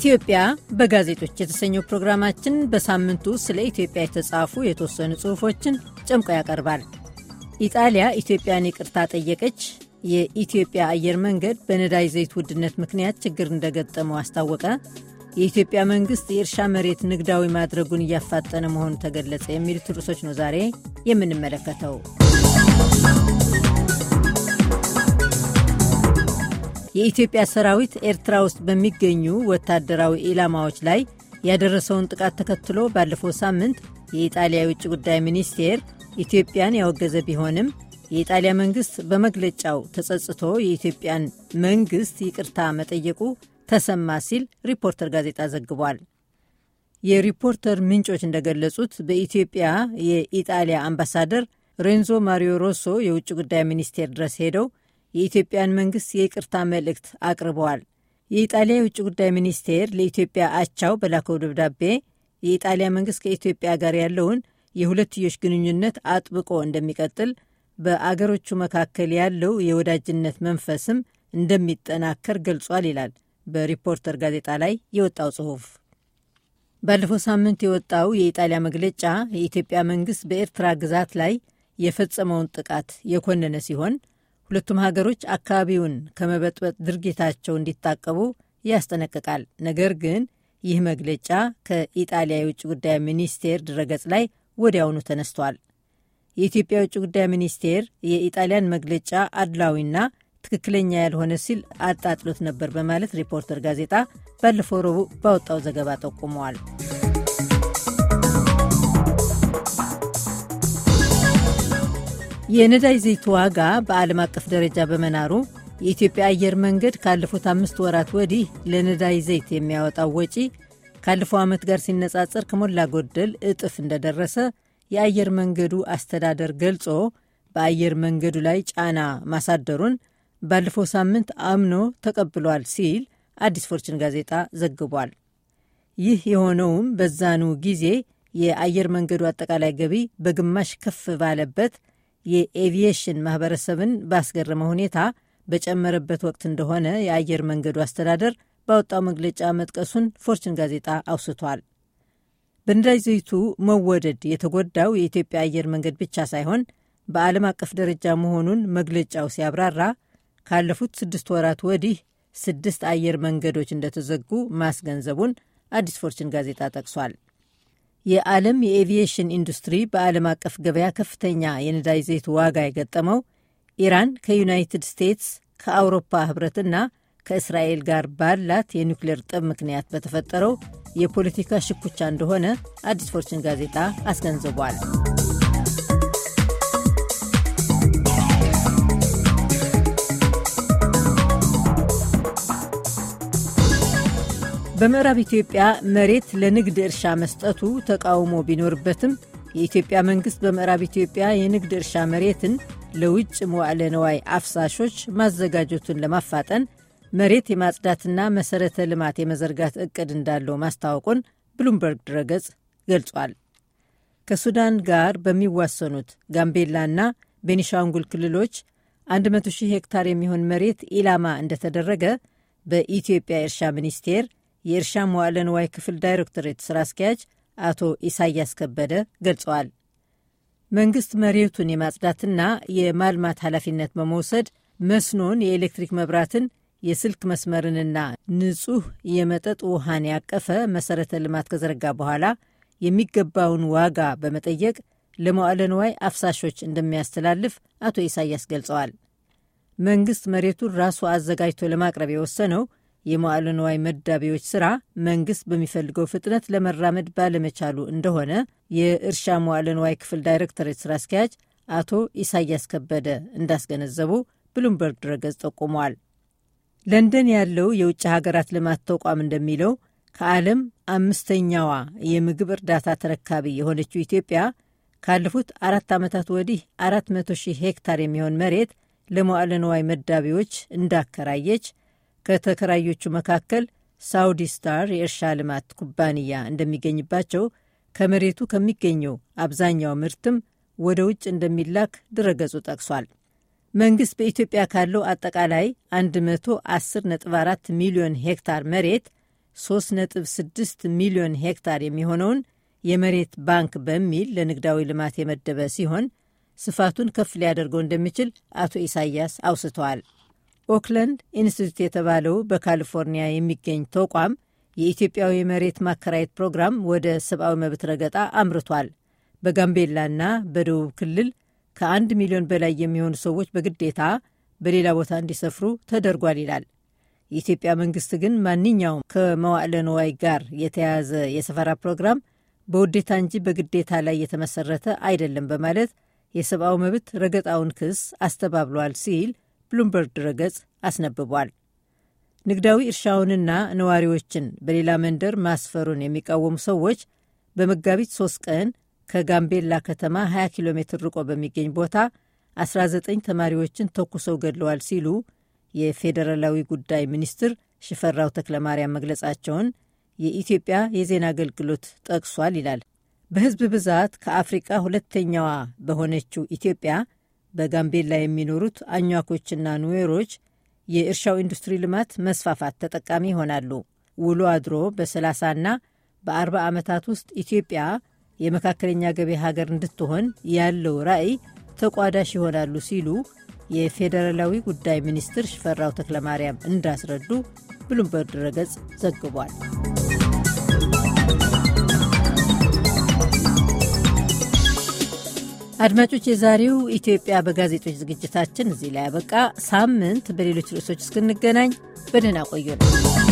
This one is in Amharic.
ኢትዮጵያ በጋዜጦች የተሰኘው ፕሮግራማችን በሳምንቱ ስለ ኢትዮጵያ የተጻፉ የተወሰኑ ጽሑፎችን ጨምቆ ያቀርባል። ኢጣሊያ ኢትዮጵያን ይቅርታ ጠየቀች፣ የኢትዮጵያ አየር መንገድ በነዳጅ ዘይት ውድነት ምክንያት ችግር እንደገጠመው አስታወቀ፣ የኢትዮጵያ መንግሥት የእርሻ መሬት ንግዳዊ ማድረጉን እያፋጠነ መሆኑ ተገለጸ፣ የሚሉት ርዕሶች ነው ዛሬ የምንመለከተው። የኢትዮጵያ ሰራዊት ኤርትራ ውስጥ በሚገኙ ወታደራዊ ኢላማዎች ላይ ያደረሰውን ጥቃት ተከትሎ ባለፈው ሳምንት የኢጣሊያ የውጭ ጉዳይ ሚኒስቴር ኢትዮጵያን ያወገዘ ቢሆንም የኢጣሊያ መንግሥት በመግለጫው ተጸጽቶ የኢትዮጵያን መንግሥት ይቅርታ መጠየቁ ተሰማ ሲል ሪፖርተር ጋዜጣ ዘግቧል። የሪፖርተር ምንጮች እንደገለጹት በኢትዮጵያ የኢጣሊያ አምባሳደር ሬንዞ ማሪዮ ሮሶ የውጭ ጉዳይ ሚኒስቴር ድረስ ሄደው የኢትዮጵያን መንግስት የይቅርታ መልእክት አቅርበዋል። የኢጣሊያ የውጭ ጉዳይ ሚኒስቴር ለኢትዮጵያ አቻው በላከው ደብዳቤ የኢጣሊያ መንግስት ከኢትዮጵያ ጋር ያለውን የሁለትዮሽ ግንኙነት አጥብቆ እንደሚቀጥል፣ በአገሮቹ መካከል ያለው የወዳጅነት መንፈስም እንደሚጠናከር ገልጿል ይላል በሪፖርተር ጋዜጣ ላይ የወጣው ጽሑፍ። ባለፈው ሳምንት የወጣው የኢጣሊያ መግለጫ የኢትዮጵያ መንግስት በኤርትራ ግዛት ላይ የፈጸመውን ጥቃት የኮነነ ሲሆን ሁለቱም ሀገሮች አካባቢውን ከመበጥበጥ ድርጊታቸው እንዲታቀቡ ያስጠነቅቃል። ነገር ግን ይህ መግለጫ ከኢጣሊያ የውጭ ጉዳይ ሚኒስቴር ድረገጽ ላይ ወዲያውኑ ተነስቷል። የኢትዮጵያ የውጭ ጉዳይ ሚኒስቴር የኢጣሊያን መግለጫ አድላዊና ትክክለኛ ያልሆነ ሲል አጣጥሎት ነበር በማለት ሪፖርተር ጋዜጣ ባለፈው ረቡዕ ባወጣው ዘገባ ጠቁመዋል። የነዳጅ ዘይት ዋጋ በዓለም አቀፍ ደረጃ በመናሩ የኢትዮጵያ አየር መንገድ ካለፉት አምስት ወራት ወዲህ ለነዳጅ ዘይት የሚያወጣው ወጪ ካለፈው ዓመት ጋር ሲነጻጸር ከሞላ ጎደል እጥፍ እንደደረሰ የአየር መንገዱ አስተዳደር ገልጾ በአየር መንገዱ ላይ ጫና ማሳደሩን ባለፈው ሳምንት አምኖ ተቀብሏል ሲል አዲስ ፎርችን ጋዜጣ ዘግቧል። ይህ የሆነውም በዛኑ ጊዜ የአየር መንገዱ አጠቃላይ ገቢ በግማሽ ከፍ ባለበት የኤቪየሽን ማህበረሰብን ባስገረመ ሁኔታ በጨመረበት ወቅት እንደሆነ የአየር መንገዱ አስተዳደር ባወጣው መግለጫ መጥቀሱን ፎርችን ጋዜጣ አውስቷል። በነዳጅ ዘይቱ መወደድ የተጎዳው የኢትዮጵያ አየር መንገድ ብቻ ሳይሆን በዓለም አቀፍ ደረጃ መሆኑን መግለጫው ሲያብራራ ካለፉት ስድስት ወራት ወዲህ ስድስት አየር መንገዶች እንደተዘጉ ማስገንዘቡን አዲስ ፎርችን ጋዜጣ ጠቅሷል። የዓለም የኤቪየሽን ኢንዱስትሪ በዓለም አቀፍ ገበያ ከፍተኛ የነዳጅ ዘይት ዋጋ የገጠመው ኢራን ከዩናይትድ ስቴትስ ከአውሮፓ ህብረትና ከእስራኤል ጋር ባላት የኒውክሌር ጥብ ምክንያት በተፈጠረው የፖለቲካ ሽኩቻ እንደሆነ አዲስ ፎርችን ጋዜጣ አስገንዝቧል። በምዕራብ ኢትዮጵያ መሬት ለንግድ እርሻ መስጠቱ ተቃውሞ ቢኖርበትም የኢትዮጵያ መንግሥት በምዕራብ ኢትዮጵያ የንግድ እርሻ መሬትን ለውጭ መዋዕለ ነዋይ አፍሳሾች ማዘጋጀቱን ለማፋጠን መሬት የማጽዳትና መሠረተ ልማት የመዘርጋት እቅድ እንዳለው ማስታወቁን ብሉምበርግ ድረገጽ ገልጿል። ከሱዳን ጋር በሚዋሰኑት ጋምቤላና ቤኒሻንጉል ክልሎች 1000 ሄክታር የሚሆን መሬት ኢላማ እንደተደረገ በኢትዮጵያ የእርሻ ሚኒስቴር የእርሻ መዋለ ንዋይ ክፍል ዳይሬክቶሬት ስራ አስኪያጅ አቶ ኢሳያስ ከበደ ገልጸዋል። መንግስት መሬቱን የማጽዳትና የማልማት ኃላፊነት በመውሰድ መስኖን፣ የኤሌክትሪክ መብራትን፣ የስልክ መስመርንና ንጹህ የመጠጥ ውሃን ያቀፈ መሰረተ ልማት ከዘረጋ በኋላ የሚገባውን ዋጋ በመጠየቅ ለመዋለ ንዋይ አፍሳሾች እንደሚያስተላልፍ አቶ ኢሳያስ ገልጸዋል። መንግስት መሬቱን ራሱ አዘጋጅቶ ለማቅረብ የወሰነው የመዋዕለ ንዋይ መዳቢዎች ስራ መንግስት በሚፈልገው ፍጥነት ለመራመድ ባለመቻሉ እንደሆነ የእርሻ መዋዕለ ንዋይ ክፍል ዳይሬክተሬት ስራ አስኪያጅ አቶ ኢሳያስ ከበደ እንዳስገነዘቡ ብሉምበርግ ድረገጽ ጠቁሟል። ለንደን ያለው የውጭ ሀገራት ልማት ተቋም እንደሚለው ከዓለም አምስተኛዋ የምግብ እርዳታ ተረካቢ የሆነችው ኢትዮጵያ ካለፉት አራት ዓመታት ወዲህ 400 ሺህ ሄክታር የሚሆን መሬት ለመዋዕለ ንዋይ መዳቢዎች እንዳከራየች ከተከራዮቹ መካከል ሳውዲ ስታር የእርሻ ልማት ኩባንያ እንደሚገኝባቸው፣ ከመሬቱ ከሚገኘው አብዛኛው ምርትም ወደ ውጭ እንደሚላክ ድረገጹ ጠቅሷል። መንግሥት በኢትዮጵያ ካለው አጠቃላይ 110.4 ሚሊዮን ሄክታር መሬት 3.6 ሚሊዮን ሄክታር የሚሆነውን የመሬት ባንክ በሚል ለንግዳዊ ልማት የመደበ ሲሆን ስፋቱን ከፍ ሊያደርገው እንደሚችል አቶ ኢሳያስ አውስተዋል። ኦክለንድ ኢንስቲቱት የተባለው በካሊፎርኒያ የሚገኝ ተቋም የኢትዮጵያዊ መሬት ማከራየት ፕሮግራም ወደ ሰብአዊ መብት ረገጣ አምርቷል። በጋምቤላና በደቡብ ክልል ከአንድ ሚሊዮን በላይ የሚሆኑ ሰዎች በግዴታ በሌላ ቦታ እንዲሰፍሩ ተደርጓል ይላል። የኢትዮጵያ መንግስት ግን ማንኛውም ከመዋዕለ ንዋይ ጋር የተያያዘ የሰፈራ ፕሮግራም በውዴታ እንጂ በግዴታ ላይ የተመሰረተ አይደለም በማለት የሰብአዊ መብት ረገጣውን ክስ አስተባብሏል ሲል ብሉምበርግ ድረገጽ አስነብቧል። ንግዳዊ እርሻውንና ነዋሪዎችን በሌላ መንደር ማስፈሩን የሚቃወሙ ሰዎች በመጋቢት ሶስት ቀን ከጋምቤላ ከተማ 20 ኪሎ ሜትር ርቆ በሚገኝ ቦታ 19 ተማሪዎችን ተኩሰው ገድለዋል ሲሉ የፌዴራላዊ ጉዳይ ሚኒስትር ሽፈራው ተክለማርያም መግለጻቸውን የኢትዮጵያ የዜና አገልግሎት ጠቅሷል ይላል። በሕዝብ ብዛት ከአፍሪቃ ሁለተኛዋ በሆነችው ኢትዮጵያ በጋምቤላ የሚኖሩት አኟኮችና ኑዌሮች የእርሻው ኢንዱስትሪ ልማት መስፋፋት ተጠቃሚ ይሆናሉ። ውሎ አድሮ በ30ና በ40 ዓመታት ውስጥ ኢትዮጵያ የመካከለኛ ገቢ ሀገር እንድትሆን ያለው ራዕይ ተቋዳሽ ይሆናሉ ሲሉ የፌዴራላዊ ጉዳይ ሚኒስትር ሽፈራው ተክለማርያም እንዳስረዱ ብሉምበርግ ድረገጽ ዘግቧል። አድማጮች፣ የዛሬው ኢትዮጵያ በጋዜጦች ዝግጅታችን እዚህ ላይ ያበቃ። ሳምንት በሌሎች ርዕሶች እስክንገናኝ በደህና ቆዩ ነው